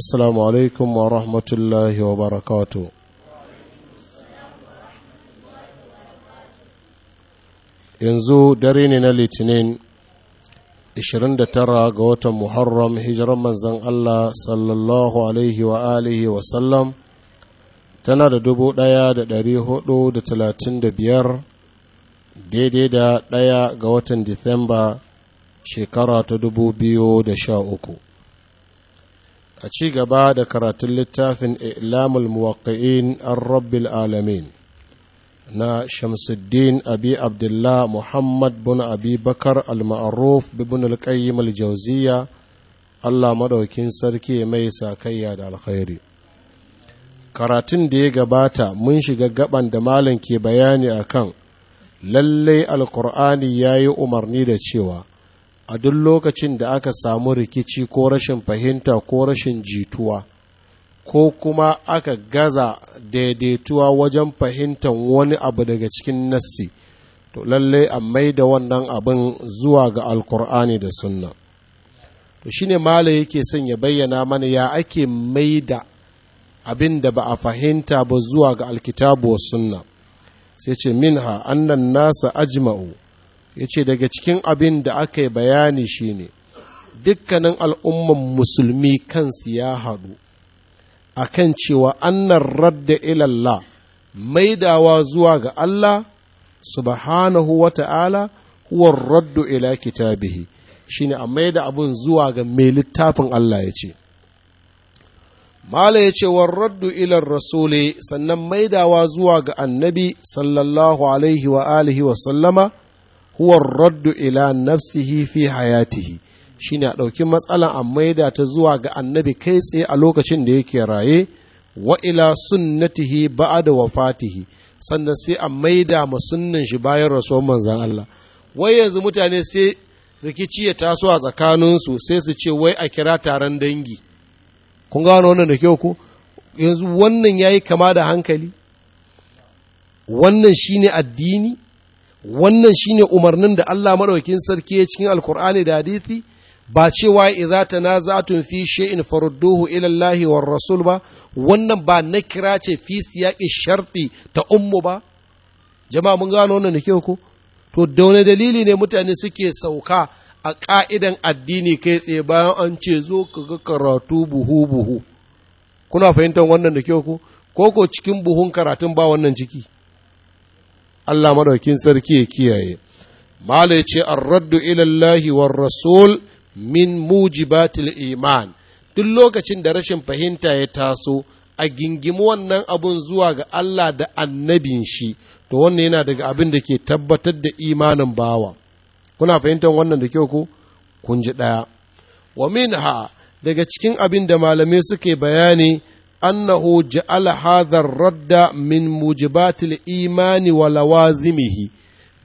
السلام wa rahmatullahi wa وبركاته yanzu dare ne na litinin 29 ga watan muharram hijiran manzan Allah sallallahu alaihi wa alihi wa sallam tana da dubu ɗaya da ɗari hudu da talatin da biyar daidai da ɗaya ga watan disamba shekara ta dubu biyu da sha uku a ci gaba da karatun littafin ilamul muwaƙi'in an rabbil alamin na shamsuddin abi abdullah muhammad bin abi bakar al-ma'ruf bin al-qayyim allah maɗaukin sarki mai sakayya da alkhairi karatun da ya gabata mun shiga gaban da malam ke bayani a kan lallai alkur'ani ya yi umarni da cewa a duk lokacin da aka samu rikici ko rashin fahimta ko rashin jituwa ko kuma aka gaza daidaituwa wajen fahimtar wani abu daga cikin nassi to lalle a mai da wannan abin zuwa ga alkur'ani da sunna to shine mala yake son ya bayyana mana ya ake mai da abin da ba a fahimta ba zuwa ga alkitabu wa sunna sai ce minha annan nasa ajma'u ya ce daga cikin abin da aka yi bayani shine dukkanin al'umman musulmi kansu ya haɗu a kan cewa annan radda ilallah maidawa zuwa ga Allah subhanahu wa ta'ala huwar raddu ila kitabihi shine a maida abun zuwa ga mai littafin Allah ya ce Mala ya ce war raddu ilar rasuli sannan maidawa zuwa ga annabi sallallahu alaihi wa alihi wa sallama huwa raddu ila nafsihi fi hayatihi shine a ɗauki matsala a maida ta zuwa ga annabi kai tsaye a lokacin da yake raye wa ila sunnatihi ba'da wafatihi sannan sai a maida ma sunnan shi bayan rasuwar manzan Allah wai yanzu mutane sai rikici ya taso a tsakaninsu sai su ce wai a kira taron dangi kun gano wannan da kyau ko yanzu wannan yayi kama da hankali wannan shine addini wannan shine umarnin da Allah maɗaukin sarki ya cikin alkur'ani da hadithi ba cewa idza tanaza'tum fi shay'in farudduhu ila Allah war rasul ba wannan ba na kira ce fi siyaqi sharti ta ummu ba jama'a mun gano wannan da ko to da wani dalili ne mutane suke sauka a ƙa'idan addini kai tsaye bayan an ce zo ka ga karatu buhu-buhu, kuna fahimtar wannan da kyau ku? ko ko cikin buhun karatun ba wannan ciki, Allah maɗaukin sarki ya kiyaye mala ya ce raddu ilallahi war rasul min mujibatil iman duk lokacin da rashin fahimta ya taso a gingimi wannan abun zuwa ga Allah da annabin shi to wannan yana daga abin da ke tabbatar da imanin bawa kuna fahimtar wannan da kyau ko kun ji ɗaya wa minha daga cikin abin da malamai suke bayani annahu ja'ala hadhar radda min mujibatil imani wa lawazimihi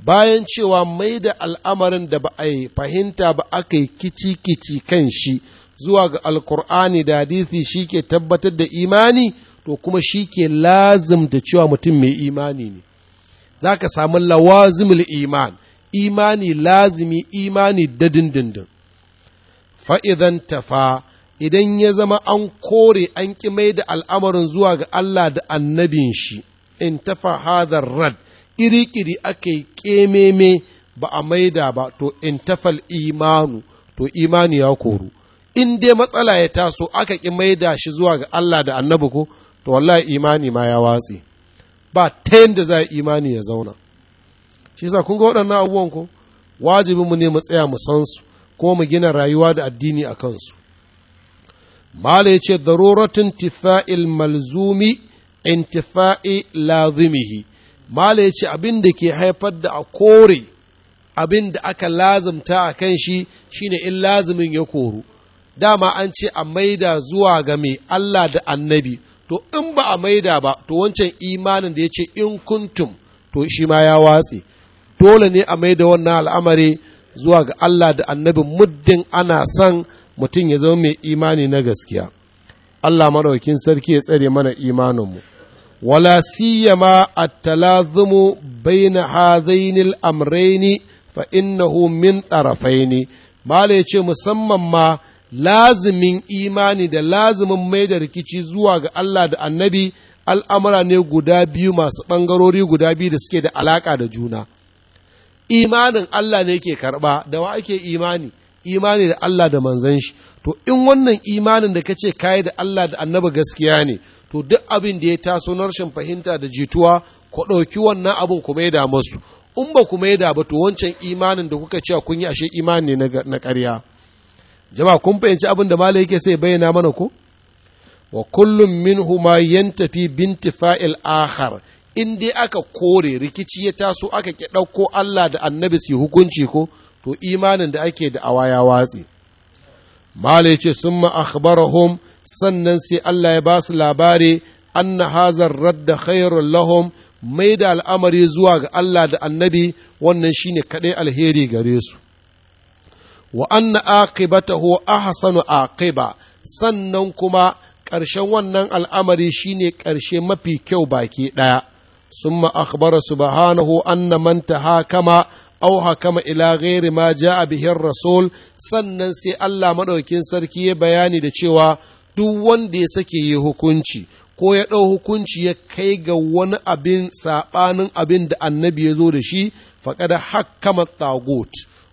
bayan cewa mai da al'amarin da ba a yi fahimta ba aka yi kici-kici kan shi zuwa ga alkur'ani da hadisi shi ke tabbatar da imani to kuma shi ke lazim da cewa mutum mai imani ne za ka samu lawazimul iman imani lazimi imani da dindindin fa'idan tafa idan ya zama an kore an ƙi mai da al'amarin zuwa ga Allah da annabin shi in tafa hadar rad ƙiri-ƙiri aka yi ƙememe ba a maida ba to in tafal imanu to imani ya koru in dai matsala ya taso aka ƙi da shi zuwa ga Allah da annabi ko to wallahi imani ma ya watse ba ta yadda za imani ya zauna shi sa kun ga waɗannan abubuwan ko wajibinmu ne mu tsaya mu san su ko mu gina rayuwa da addini a kansu Bala ya ce, Daruratin tifa'il malzumi, intifa'i lazumihi Bala ya ce abin da ke haifar da a kore abin da aka lazimta a kan shi shine in lazimin ya koru. Dama an ce a maida zuwa ga mai Allah da annabi, to in ba a maida ba, to wancan imanin da ya ce in kuntum, to shi ma ya watse. Dole ne a maida wannan al'amari zuwa ga Allah da annabi muddin ana son mutum ya zama mai imani na gaskiya Allah maraukin sarki ya tsare mana imaninmu wala siyama at-talazumu baina hadhaini al-amrayni fa innahu min tarafaini mala ce musamman ma lazumin imani da lazumin mai da rikici zuwa ga Allah da annabi al'amura ne guda biyu masu ɓangarori guda biyu da suke da alaƙa da juna imanin Allah ne ke karɓa da wa ake imani imani da Allah da manzan shi to in wannan imanin da kace kai da Allah da annaba gaskiya ne to duk abin da ya taso na rashin fahimta da jituwa ku ɗauki wannan abin ku maida masu in ba ku maida ba to wancan imanin da kuka cewa kun yi ashe imani ne na ƙarya jama'a kun fahimci abin da malai yake sai bayyana mana ku? wa kullum minhu ma yantafi fa'il akhar in dai aka kore rikici ya taso aka ki ɗauko Allah da annabi su hukunci ko to imanin da ake da awa ya watse mala yace summa akhbarahum sannan sai Allah ya ba su labari anna hazar radda khairul lahum mai da al'amari zuwa ga Allah da annabi wannan shine kaɗai alheri gare su wa anna aqibatahu ahsanu aqiba sannan kuma ƙarshen wannan al'amari shine ƙarshe mafi kyau baki ɗaya sun ho akhbara subhanahu anna man kama au hakama ila ghairi ma ja'a bihin rasul sannan sai Allah maɗaukin sarki ya bayani da cewa duk wanda ya sake yi hukunci ko ya ɗau hukunci ya kai ga wani abin saɓanin abin da annabi ya zo da shi faƙada hakama tagut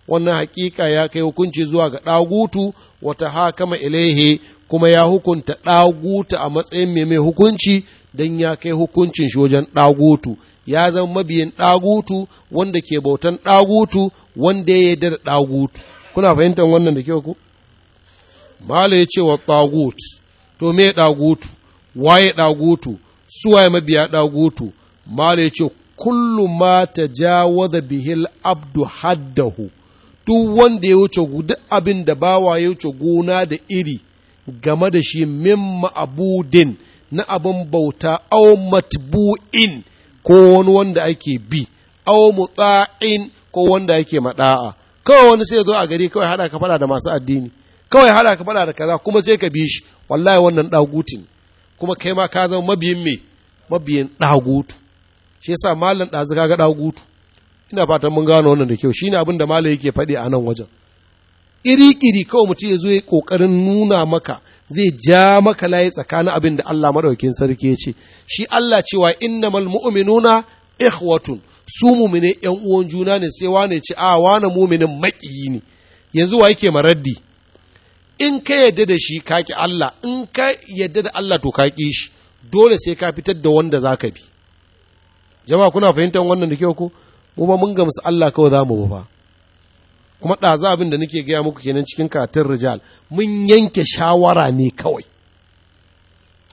wannan haƙiƙa ya kai hukunci zuwa ga ɗagutu wata hakama ilaihe kuma ya hukunta ɗaguta a matsayin mai mai hukunci don ya kai hukuncin shi wajen ɗagutu ya zama mabiyin ɗagutu wanda ke bautan ɗagutu wanda ya yarda da ɗagutu kuna fahimtar wannan da kyau ku mala ya ce wa ɗagut to me ɗagutu waye ɗagutu ya mabiya ɗagutu mala ya ce kullu ma da bihil abdu haddahu duk wanda ya wuce duk abin da bawa ya wuce gona da iri game da shi min ma'abudin na abin bauta au matbu'in ko wani wanda ake bi aw mutsa'in ko wanda ake mada'a kawai wani sai zo a gari kawai hada ka fada da masu addini kawai hada ka fada da kaza kuma sai ka bi shi wallahi wannan dagutin kuma kai ma ka zama mabiyin me mabiyin dagutu shi yasa malam dazu kaga dagutu ina fatan mun gano wannan da kyau shine abin da malam yake faɗi a nan wajen iri-iri kawai mutum ya zo ya kokarin nuna maka zai ja maka layi tsakanin abin da Allah maɗaukin sarki ya ce shi Allah cewa innamal mu'minuna ikhwatun su mumine yan uwan juna ne sai wane ce a wane muminin makiyi ne yanzu wa yake maraddi in ka yadda da shi kaki Allah in ka yadda da Allah to kaki shi dole sai ka fitar da wanda zaka bi jama'a kuna fahimtar wannan da kyau ko mu ba mun gamsu Allah kawai za mu ba kuma ɗaza abin da nake gaya muku kenan cikin katin rijal mun yanke shawara ne kawai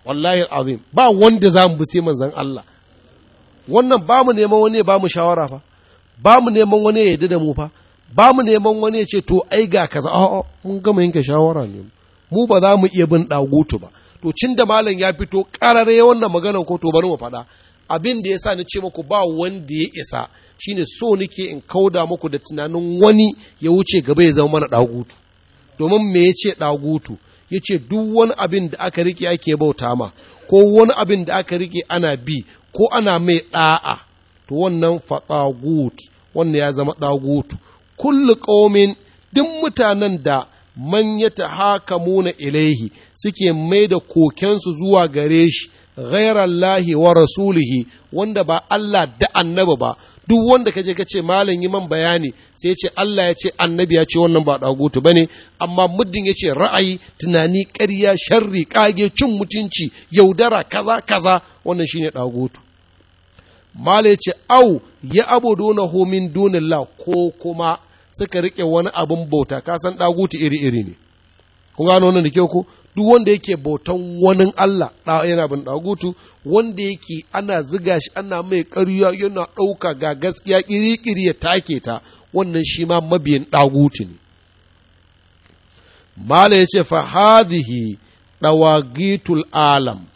wallahi azim ba wanda za mu bi manzan Allah wannan ba mu neman wani ya ba mu shawara fa ba mu neman wani ya yarda da mu fa ba mu neman wani ya ce to ai ga kaza a'a mun gama yanke shawara ne mu ba za mu iya bin dagutu ba to cin da malam ya fito karare wannan maganar ko to bari mu faɗa abin da ya sa ni ce muku ba wanda ya isa shine so nake in kauda muku da tunanin wani ya wuce gaba ya zama mana ɗagutu domin me ya ce ɗagutu ya ce duk wani abin da aka rike ake bauta ma ko wani abin da aka rike ana bi ko ana mai ɗa'a to wannan fa ɗagut wannan ya zama ɗagutu kullu duk mutanen da man ya muna ilaihi suke mai da kokensu zuwa gare shi ghairallahi wa rasulihi wanda ba Allah da annabi ba duk wanda ka je ka ce malam yi man bayani sai ya ce Allah ya ce annabi ya ce wannan ba dagutu ne, amma muddin ya ce ra'ayi tunani ƙarya sharri kage cin mutunci yaudara kaza kaza wannan shine dagutu mala ya ce au ya abuduna hu min dunillah ko kuma suka rike wani abin bauta ka san dagutu iri iri ne Ku gano wannan da ke ko duk wanda yake bautan wani Allah yana bin dagutu wanda yake ana ziga shi ana mai ƙarya yana ɗauka ga gaskiya ƙiri-ƙiri ya take ta wannan shi ma mabiyin dagutu ne mala ya ce fa hadhihi dawagitul alam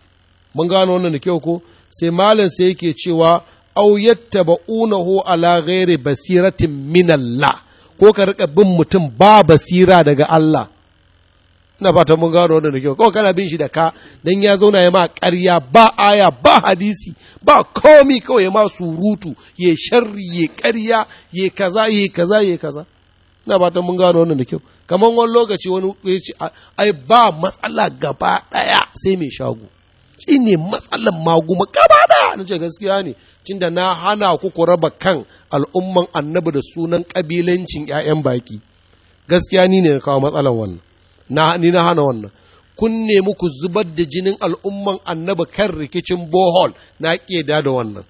mun gano wannan da kyau ko sai malam sai yake cewa au yattaba'unahu ala ghairi basiratin minallah ko ka rika bin mutum ba basira daga Allah ina fatan mun gano wannan da kyau kawai kana bin shi da ka dan ya zauna ya ma ƙarya ba aya ba hadisi ba komi kawai ya ma surutu ya sharri ya ƙarya ya kaza ya kaza ya kaza ina fatan mun gano wannan da kyau kamar wani lokaci wani ya ce ai ba matsala gaba ɗaya sai mai shago shi ne matsalan maguma gaba ɗaya na ce gaskiya ne tunda na hana ku raba kan al'umman annabi da sunan ƙabilancin 'ya'yan baƙi. gaskiya ni ne kawo matsalar wannan na ni na hana wannan kun nemi ku zubar da jinin al'umman annaba kan rikicin bohol na ƙeda da wannan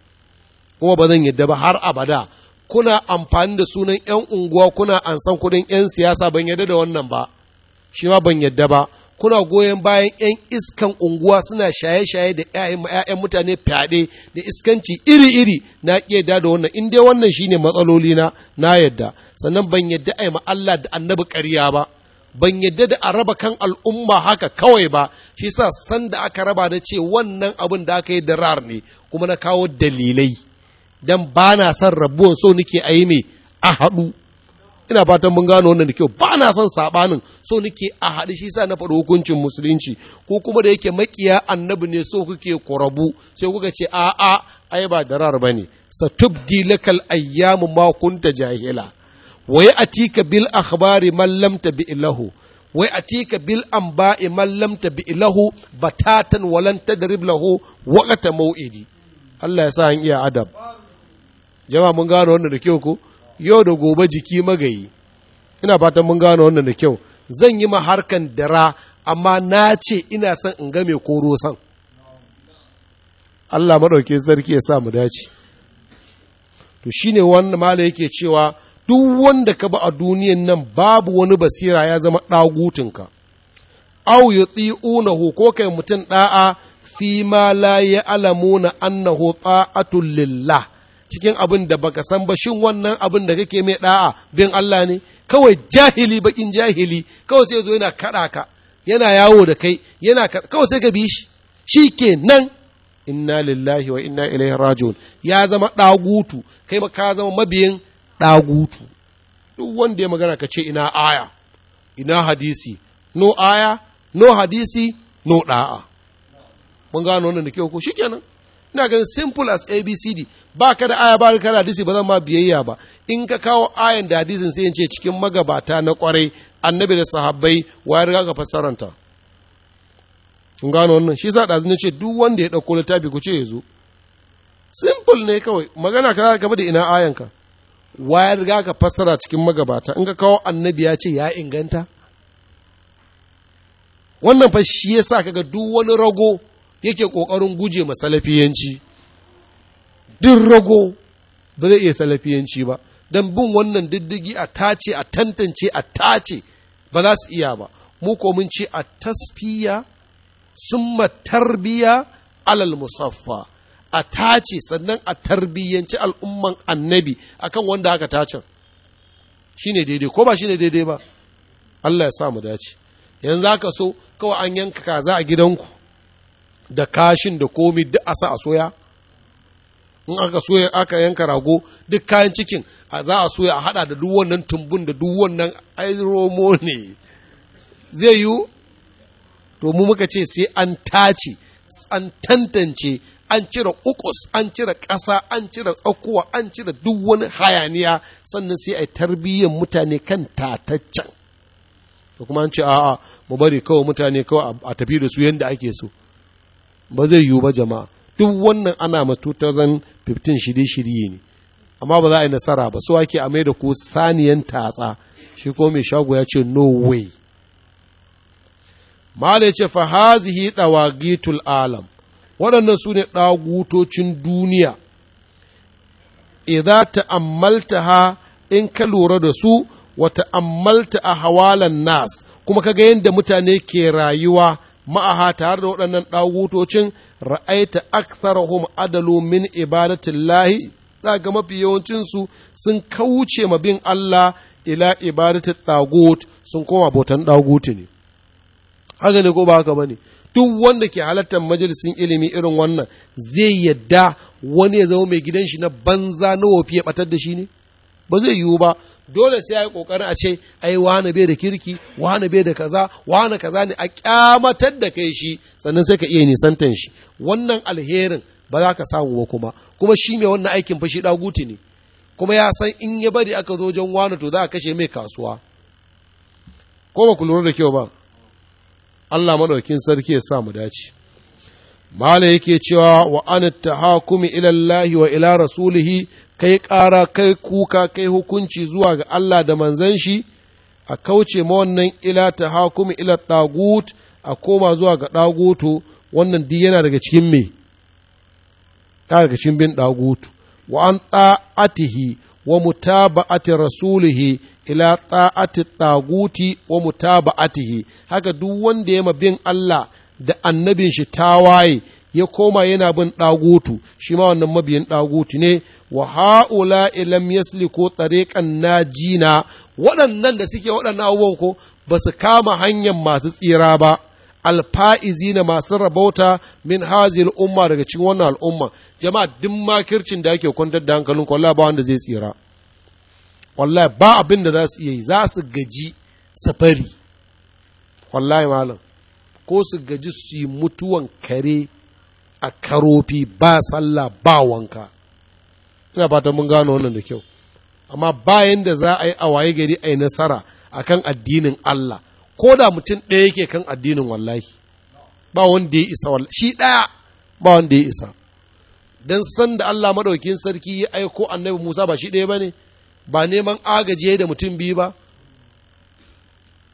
kuma ba zan yadda ba har abada kuna amfani da sunan 'yan unguwa kuna ansan kuɗin 'yan siyasa ban yadda da wannan ba shi ma ban yadda ba kuna goyon bayan 'yan iskan unguwa suna shaye-shaye da 'ya'yan mutane fyaɗe da iskanci iri-iri na ƙeda da wannan in dai wannan shine matsaloli na na yadda sannan ban yadda a yi Allah da annabi ƙarya ba ban yadda da a raba kan al'umma haka kawai ba shi sa sanda aka raba da ce wannan abin da aka yi dirar ne kuma na kawo dalilai don ba na son rabuwan so nake a yi mai a haɗu ina fatan mun gano wannan da kyau ba na son saɓanin so nake a haɗu shi sa na faɗi hukuncin musulunci ko kuma da yake makiya annabi ne so kuke kurabu sai kuka ce a a ai ba darar ne. satubdi lakal ayyamu ma jahila wa ya atika bil akhbari man lam tabi ilahu wa ya atika bil anba'i man lam tabi ilahu batatan walan tadrib lahu waqta mau'idi Allah ya sa an iya adab jama'a mun gano wannan da kyau ko yau da gobe jiki magayi ina fatan mun gano wannan da kyau zan yi ma harkan dara amma na ce ina son in ga mai koro san Allah madauke sarki ya sa mu dace to shine wannan malai yake cewa duk wanda ka ba a duniyan nan babu wani basira ya zama ɗagutunka au ya tsi'unahu ko kai mutum ɗa'a fi ma la ya alamuna annahu ta'atul lillah cikin abin da baka san ba shin wannan abin da kake mai ɗa'a bin Allah ne kawai jahili bakin jahili kawai sai zo yana kaɗa ka yana yawo da kai yana kawai sai ka bi shi ke nan. inna lillahi wa inna ilaihi rajiun ya zama ɗagutu kai ba ka zama mabiyin ɗagutu duk wanda ya magana ka ce ina aya ina hadisi no aya no hadisi no ɗa'a mun gano wannan da kyau ko shikenan ina ganin simple as abcd ba ka da aya ba ka da hadisi ba zan ma biyayya ba in ka kawo ayan da hadisin sai in ce cikin magabata na kwarai annabi da sahabbai wa ya riga ka fassaranta mun gano wannan shi sa ɗazu ce duk wanda ya ɗauko littafi ku ce ya zo simple ne kawai magana ka gaba da ina ayanka wa ya riga ka fassara cikin magabata in ka kawo annabi ya ce ya inganta wannan fa shi yasa kaga duk wani rago yake kokarin guje ma salafiyanci duk rago ba zai iya salafiyanci ba dan bin wannan diddigi a tace a tantance a tace ba za su iya ba mu ko mun ce a tasfiya summa tarbiya alal musaffa a tace sannan a tarbiyyanci al'umman annabi akan wanda aka shi ne daidai ko ba shi ne daidai ba Allah ya sa mu dace yanzu aka so kawai an yanka kaza a gidanku da kashin da komi duk a sa a soya in aka soya aka yanka rago duk kayan cikin a za a soya a hada da duk tumbun da duk wannan airomo ne zai yiwu to mu muka ce sai an tace an tantance an cire ukus an cire ƙasa an cire tsakuwa an cire duk wani hayaniya sannan sai a yi tarbiyyar mutane kan tataccen to kuma an ce a'a mu bari kawai mutane kawai a tafi da su yadda ake so ba zai yiwu ba jama'a duk wannan ana ma 2015 shirye-shirye ne amma ba za a yi nasara ba su ake a mai da ku saniyan tatsa shi ko mai shago ya ce no way da ya ce fa hazihi dawagitul alam waɗannan su ne ɗagutocin duniya idza ha, in ka lura da su wa ta'ammalta a hawalan nas kuma kaga yadda mutane ke rayuwa ma'aha tare da waɗannan ɗagutocin ra'aita aktharahum adalu min za ga mafi yawancinsu sun kauce ma bin Allah ila ibadatul ɗagut sun koma botan ɗagutu ne haka ne ko ba haka ba ne duk wanda ke halartar majalisin ilimi irin wannan zai yadda wani ya zama mai gidan shi na banza na wofi ya batar da shi ne ba zai yiwu ba dole sai a yi kokarin a ce ai wani bai da kirki wani bai da kaza wani kaza ne a kyamatar da kai shi sannan sai ka iya nisantan shi wannan alherin ba za ka samu ba kuma kuma shi mai wannan aikin fashi daguti ne kuma ya san in ya bari aka zo wajen wani to za a kashe mai kasuwa ko ba ku lura da kyau ba Allah maɗaukin sarki ya sa mu dace mala yake cewa wa ana tahakumi ila wa ila rasulihi kai ƙara kai kuka kai hukunci zuwa ga Allah da manzan shi a kauce ma wannan ila tahakumi ila tagut a koma zuwa ga dagutu wannan duk yana daga cikin me daga cikin bin dagutu wa an ta'atihi wa mutaba'ati rasulihi ila ta'ati taguti wa mutaba'atihi haka duk wanda ya bin Allah da annabin shi tawaye ya koma yana bin ɗagutu shi ma wannan mabiyin ɗagutu ne wa ha'ula ilam yasliku tariqan najina waɗannan da suke waɗannan abubuwan ko ba su kama hanyar masu tsira ba alfa'izi na masu rabauta min hazil umma daga cikin wannan al'umma jama'a duk makircin da ake kwantar da hankalin kwallo ba wanda zai tsira wallahi ba abin da za su iya yi za su gaji safari wallahi malam ko su gaji su yi mutuwan kare a karofi ba sallah ba wanka ina fata mun gano wannan da kyau amma bayan da za a yi a waye gari a yi nasara akan addinin Allah ko da mutum ɗaya yake kan addinin wallahi ba wanda ya isa wallahi shi ɗaya ba wanda ya isa don san da Allah maɗaukin sarki ya aiko annabi Musa ba shi ɗaya ba ne ba neman agaji da mutum biyu ba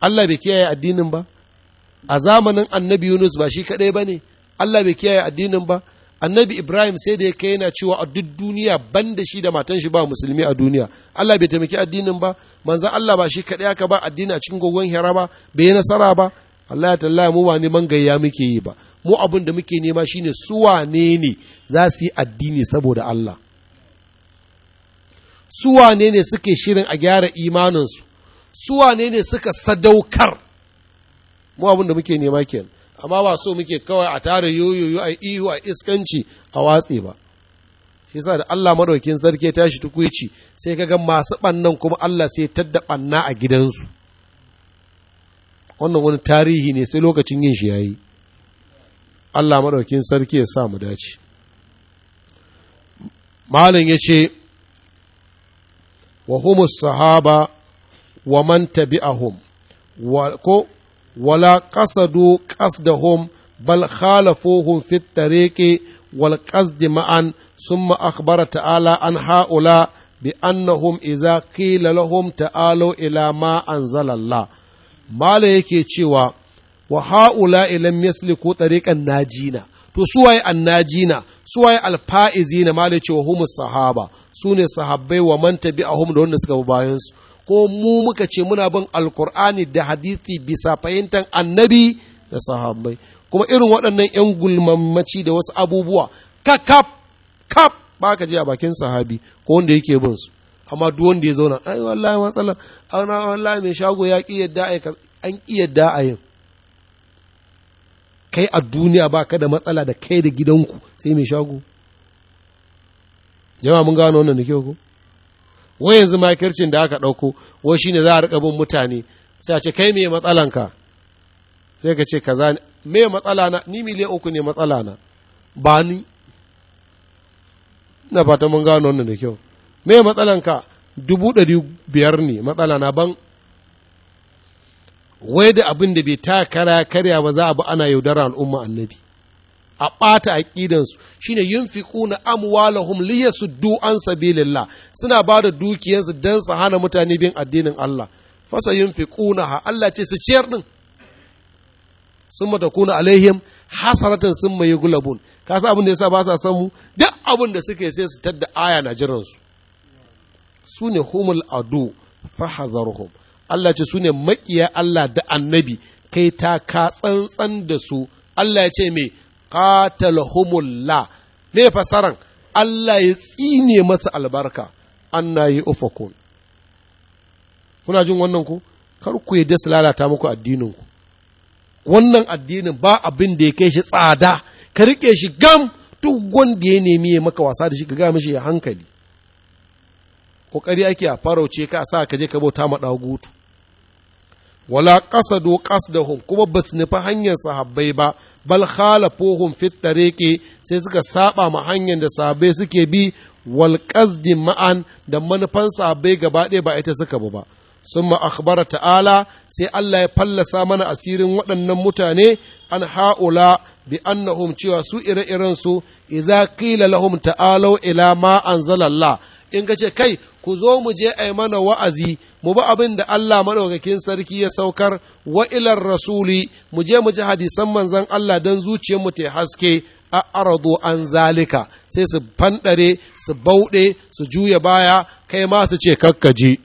Allah bai kiyaye addinin ba a zamanin annabi Yunus ba shi kaɗai ba ne Allah bai kiyaye addinin ba annabi ibrahim sai da ya kai yana cewa a duk duniya ban da shi da matan shi ba musulmi a duniya allah bai taimaki addinin ba manzan allah ba shi kaɗai aka ba addini a cikin gogon hira ba bai yi nasara ba allah ya tallaya mu ba man gayya muke yi ba mu abin da muke nema shine su wane ne za su yi addini saboda allah su wane ne suke shirin a gyara imaninsu su wane ne suka sadaukar mu abin da muke nema kenan amma ba so muke kawai a tare yoyoyo a ihu a iskanci a watse ba shi yasa da Allah madaukin sarki ya tashi tukuici sai ka ga masu bannan kuma Allah sai tadda banna a gidansu wannan wani tarihi ne sai lokacin yin shi yayi Allah madaukin sarki ya sa mu dace malam yace wa humus sahaba wa man tabi'ahum wa ko wala qasadu qasdahum bal khalafuhum fi tariqi wal qasdi ma'an summa akhbara ta'ala an ha'ula bi annahum idza qila lahum ta'alu ila ma anzalallah mala yake cewa wa ha'ula ilam yasliku tariqan najina to suwaye annajina suwaye alfa'izina mala yace wa humus sahaba sune sahabbai wa man tabi'ahum da wanda suka bi bayansu ko mu muka ce muna bin alkur'ani da hadithi bisa fahimtar annabi da sahabbai kuma irin waɗannan 'yan gulmammaci da wasu abubuwa ka kap kap ba ka je a bakin sahabi ko wanda yake bin su amma duk wanda ya zauna ai wallahi matsala ana wallahi mai shago ya ki yadda ai an ki yadda a yin kai a duniya ba ka da matsala da kai da gidanku sai mai shago jama'a mun gano wannan da kyau ko wai yanzu makircin da aka ɗauko wai shine za a riƙa bin mutane sai a ce kai me matsalanka sai ka ce kaza me matsala na ni miliyan uku ne matsala na ba ni na fata mun gano wannan da kyau me matsalanka dubu ɗari biyar ne matsala na ban wai da abin da bai ta kara karya ba za a bi ana yaudara al'umma annabi a ɓata aƙidansu shine yunfiquna su du an sabilillah suna ba da dukiyansu don su hana mutane bin addinin Allah fasa ha Allah ce su ciyar din mata kuna alaihim hasaratan sun mai gulabun kasa abin da yasa ba sa samu duk abin da suke sai su tadda aya na jiran su sune humul adu Allah ce sune maƙiya Allah da annabi kai ta ka tsantsan da su Allah ya ce mai. qatalahumullah me fasaran Allah ya tsine masa albarka anna yi ufakun kuna jin wannan ku kar ku yadda su lalata muku addinin ku wannan addinin ba abin da ya kai shi tsada ka rike shi gam duk wanda ya nemi ya maka wasa da shi ka ga mishi ya hankali kokari ake a farauce ka sa ka je ka bauta ma gutu wala da qasdahum kuma su nufi hanyar sahabbai ba bal khalafuhum fit tariqi sai suka saba ma hanyar da sahabbai suke bi wal qasdi ma'an da manufan sahabbai gaba ɗaya ba ita suka bu ba summa akhbara ta'ala sai Allah ya fallasa mana asirin waɗannan mutane an ha'ula bi annahum cewa su ire-iren su idza qila lahum ta'alu ila ma anzalallah in ka ce kai ku zo mu je ai mana wa'azi mu bi abin da Allah madaukakin sarki ya saukar wa rasuli mu je mu ji hadisan manzon Allah dan mu ta haske a arado an zalika sai su fanɗare su bauɗe su juya baya kai ma su ce kakkaje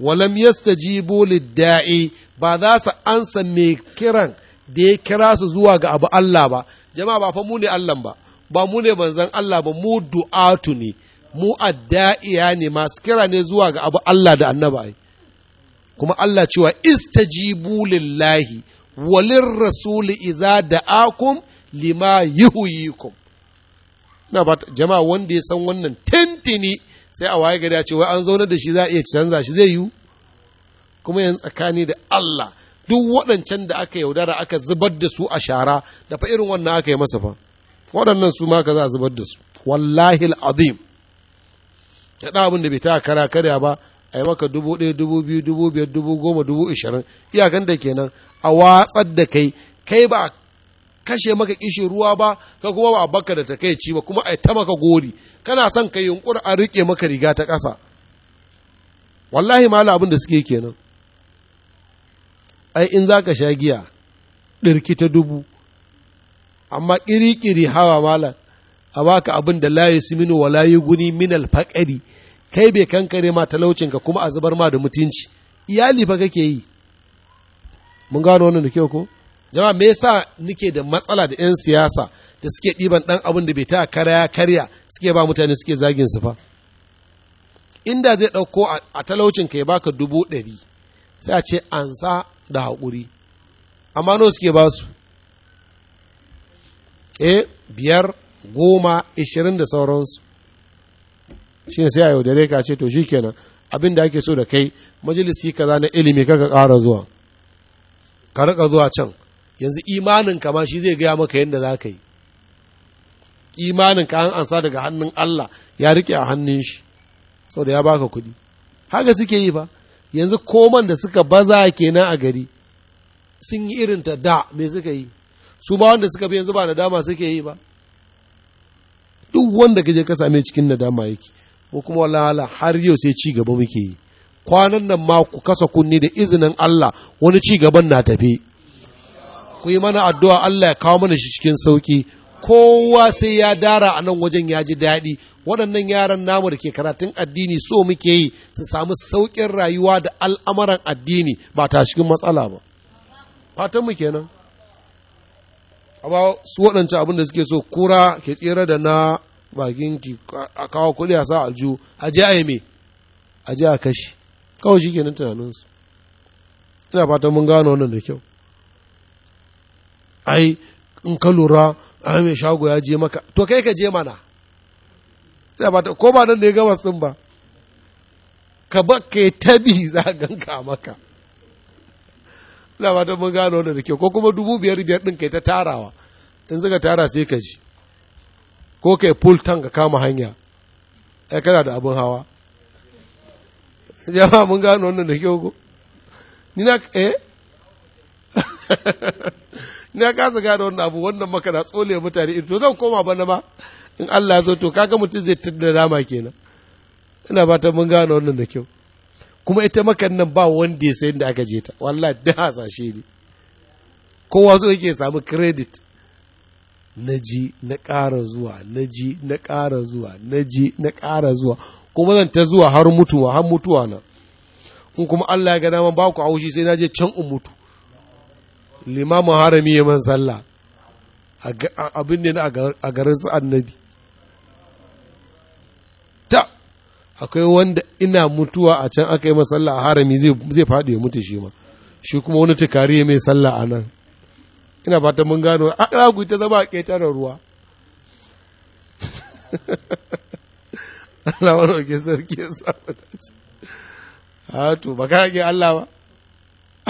walam yastajibu lid-da'i ba za su ansa mai kiran da ya kira su zuwa ga abu Allah ba jama'a ba fa mu ne Allah ba ba mu ne manzon Allah ba mu du'atu ne mu adda'iya ne masu kira ne zuwa ga abu Allah da annabi kuma Allah cewa istajibu lillahi walin rasuli iza da'akum lima yuhyikum ina ba jama'a wanda ya san wannan tintini sai a waye gari a ce wai an zauna da shi za a iya canza shi zai yiwu kuma yanzu tsakani da Allah duk waɗancan da aka yaudara aka zubar da su a shara da fa irin wannan aka yi masa fa waɗannan su ma ka za a zubar da su wallahi al'azim ya ɗa abin da bai ta kara karya ba a yi maka dubu ɗaya dubu biyu dubu biyar dubu goma dubu ishirin iyakan da kenan a watsar da kai kai ba kashe maka kishin ruwa ba ka kuma ba baka da takaici ba kuma a yi ta maka gori kana son ka yunkuri a riƙe maka riga ta ƙasa wallahi ma abin da suke kenan ai in za ka sha giya ɗirki ta dubu amma ƙiri-ƙiri hawa malam a baka abin da layi su minu wa layi guni minal faƙari kai bai kankare ma talaucinka kuma a zubar ma da mutunci iyali fa kake yi mun gano wannan da kyau ko jama'a me yasa nike da matsala da 'yan siyasa da suke ɗiban ɗan abin da bai ta karya karya suke ba mutane suke zagin su fa inda zai ɗauko a talaucin ka ya baka dubu ɗari sai a ce ansa da haƙuri amma nawa suke ba su e biyar goma ishirin da sauransu shi ne sai a da ka ce to shi kenan abin da ake so da kai majalisi kaza na ilimi kaka ƙara zuwa ka rika zuwa can yanzu imanin kama shi zai gaya maka yadda za ka yi imanin ka an ansa daga hannun Allah ya rike a hannun shi da ya baka kuɗi haka suke yi ba yanzu koman da suka baza kenan a gari sun yi irin ta da me suka yi su ba wanda suka bi yanzu ba nadama suke yi ba duk wanda kaje ka same cikin nadama yake ko kuma wala-wala har yau sai ci gaba muke yi kwanan nan ma ku kasa kunni da izinin Allah wani ci gaban na tafi ku yi mana addu'a Allah ya kawo mana shi cikin sauki kowa sai ya dara a nan wajen ya ji daɗi waɗannan yaran namu da ke karatun addini so muke yi su samu sauƙin rayuwa da al'amuran addini ba ta cikin matsala ba fatan mu kenan amma su waɗancan abin da suke so kura ke tsira da na bakin ki a kawo kuɗi a sa aljo a je a yi me a je a kashi kawai shi kenan tunaninsu ina fatan mun gano wannan da kyau ai in ka lura a mai shago ya je maka to kai ka je mana sai ba ko ba nan da ya gama sun ba ka ba kai tabi za ganka maka Da ba ta mun gano wannan da kyau ko kuma dubu biyar biyar din kai ta tarawa in zaka tara sai ka ji ko kai full tank ka kama hanya ai kana da abin hawa ba mun gano wannan da kyau ko ni na eh na kasa gane wannan abu wannan maka na tsole mutane in to zan koma bana ma in Allah ya so to kaga mutum zai tada rama kenan ina ba ta mun gane wannan da kyau kuma ita makan nan ba wanda ya sayin da aka je ta wallahi da hasashe ne kowa zo yake samu credit na ji na ƙara zuwa na ji na ƙara zuwa na ji na ƙara zuwa kuma zan ta zuwa har mutuwa har mutuwa na in kuma Allah ya ga dama ba ku haushi sai na je can in mutu limamin harami ya man sallah abin ne a garin su annabi ta akwai wanda ina mutuwa a can aka yi masalla a harami zai faɗi ya mutu shi ma shi kuma wani tukari mai sallah a nan ina fata mun gano a ɗagu ta zama a ƙetare ruwa Allah wani oke sarki ya samu dace. Ha to, ba Allah ba?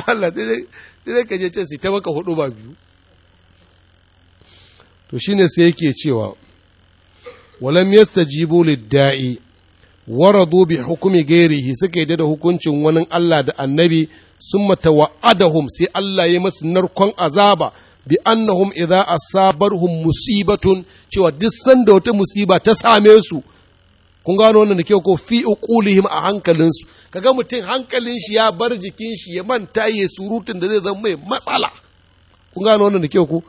Allah sai sai ka je can sai ta maka hudu ba biyu to shine sai yake cewa walam yastajibu lidda'i waradu bi hukumi gairihi suka yi da hukuncin wani Allah da annabi sun wa'adahum sai Allah ya masu narkon azaba bi annahum idza asabarhum musibatun cewa duk sanda wata musiba ta same su kun gano wannan da kyau ko fi uqulihim a hankalinsu kaga mutum hankalin shi ya bar jikin shi ya manta ya surutun da zai zama mai matsala kun gano wannan da kyau ko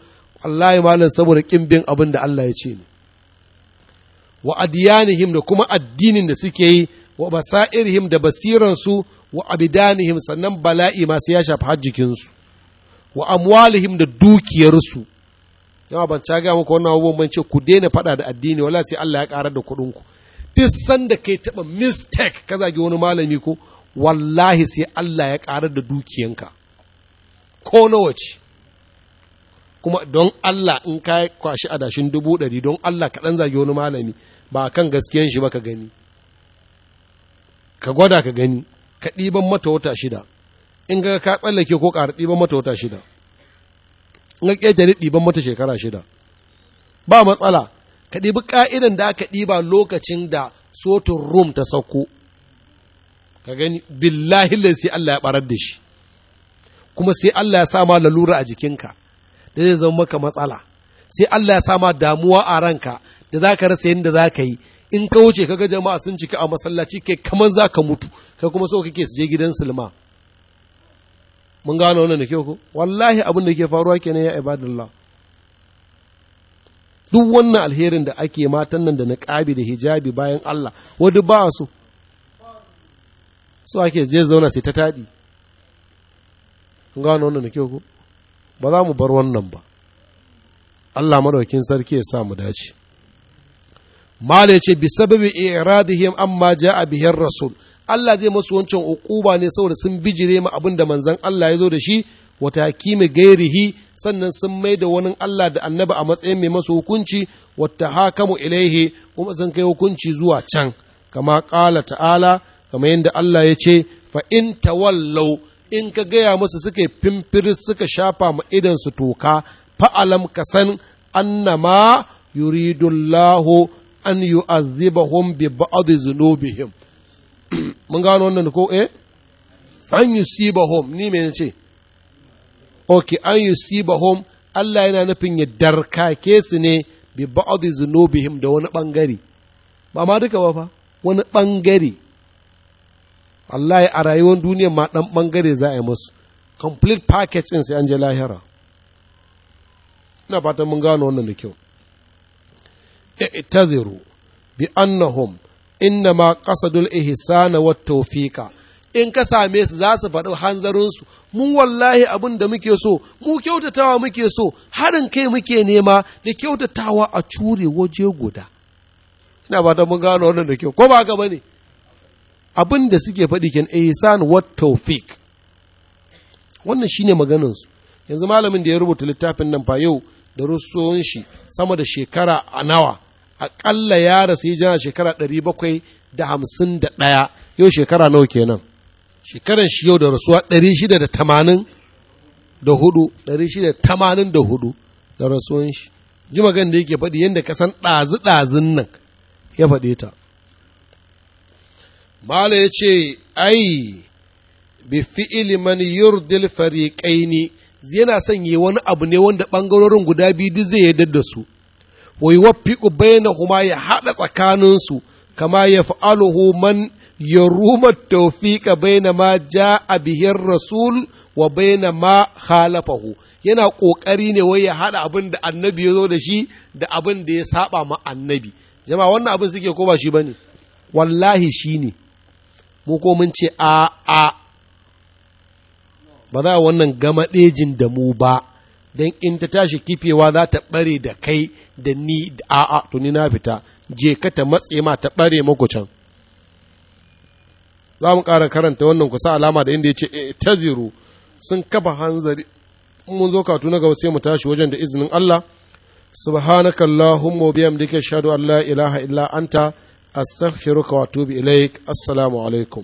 wallahi malam saboda kimbin abin da Allah ya ce ne wa adiyanihim da kuma addinin da suke yi wa basairihim da basiransu wa abidanihim sannan bala'i masu ya shafi su wa amwalihim da dukiyarsu yawa ban ta ga muku wannan abubuwan ban ce ku daina faɗa da addini wala sai Allah ya ƙarar da ku duk sanda kai taɓa mistake ka zagi wani malami ko wallahi sai Allah ya ƙarar da dukiyanka ko nawa ce kuma don Allah in ka kwashi adashin dubu ɗari don Allah ka ɗan zagi wani malami ba kan gaskiyan shi ba ka gani ka gwada ka gani ka ɗiban mata wata shida in ga ka tsallake ko ƙara ɗiban mata wata shida in ga ƙetare ɗiban mata shekara shida ba matsala ka ɗibi ƙa'idan da aka ɗiba lokacin da sotun rum ta sauko ka gani billahi sai Allah ya ɓarar da shi kuma sai Allah ya sama lalura a jikinka da zai zama maka matsala sai Allah ya sama damuwa a ranka da za ka rasa yadda za ka yi in ka wuce kaga jama'a sun cika a masallaci kai kamar za ka mutu kai kuma so kake su je gidan sulma mun gano wannan da ke ku. wallahi abin da ke faruwa kenan ya ibadallah duk wannan alherin da ake matan nan da niqabi da hijabi bayan Allah wadu ba su su ake zai zauna sai ta taɗi kun gano wannan da kyau ko ba za mu bar wannan ba Allah madaukin sarki ya sa mu dace mala ce bi sababi iradihim amma a bihir rasul Allah zai masu wancan uquba ne saboda sun bijire ma abin da manzon Allah ya zo da shi wa mai gairihi sannan sun mai da wani Allah da annabi a matsayin mai masu hukunci wa tahakamu ilaihi kuma sun kai hukunci zuwa can kama ƙala ta'ala kama yadda Allah ya ce fa in tawallau in ka gaya musu suke fimfiris suka shafa ma idan su toka fa'alam ka san annama yuridullahu an yu'azzibahum bi ba'd zunubihim mun gano wannan ko eh an yusibahum ni me ce oke an yusibahum Allah yana nufin ya darkake su ne bi ba'd zunubihim da wani bangare ba ma duka ba fa wani bangare wallahi a rayuwar duniya ma dan bangare za a yi musu complete package in sai an je lahira ina fatan mun gano wannan da kyau i'taziru bi annahum innama qasadul ihsana wat tawfiqa in ka same su za su faɗi hanzarinsu mun wallahi abin da muke so mu kyautatawa muke so harin kai muke nema da kyautatawa a cure waje guda ina ba ta mun gano wannan da kyau ko ba haka bane abin da suke faɗi ken ihsan to tawfiq wannan shine maganar su yanzu malamin da ya rubuta littafin nan fa yau da rusuwan shi sama da shekara a nawa aƙalla ya rasu yi jana shekara ɗari bakwai da hamsin da ɗaya yau shekara nawa kenan Shekaran shi yau da rasuwa 684 da rasuwan shi ji magan da yake faɗi yadda kasan ɗazi ɗazu nan ya faɗe ta mala ya ce ai bi fi'ili man yurdil fariqaini yana sanye wani abu ne wanda ɓangarorin guda biyu duk zai yadda da su wai wafiqu kuma ya haɗa tsakaninsu kama ya fa'aluhu man ya ruma taufiƙa baina ma ja a bihin rasul wa baina ma khalafahu yana ƙoƙari ne wai ya haɗa abin da annabi ya zo da shi da abin da ya saɓa ma annabi jama'a wannan abin suke ko ba shi ne. wallahi shi ne mu ko mun ce a a ba za wannan gamaɗejin da mu ba don in ta tashi kifewa za ta ɓare da kai da ni da a'a to ni na fita je ka ta matse ma ta ɓare maku can za mu ƙara karanta wannan kusa alama da inda ya ce eh, taziru sun kafa hanzari mun zo katu na gaba sai mu tashi wajen da izinin Allah subhanaka allahumma bihamdika ashhadu an la ilaha illa anta astaghfiruka wa atubu ilaik assalamu alaikum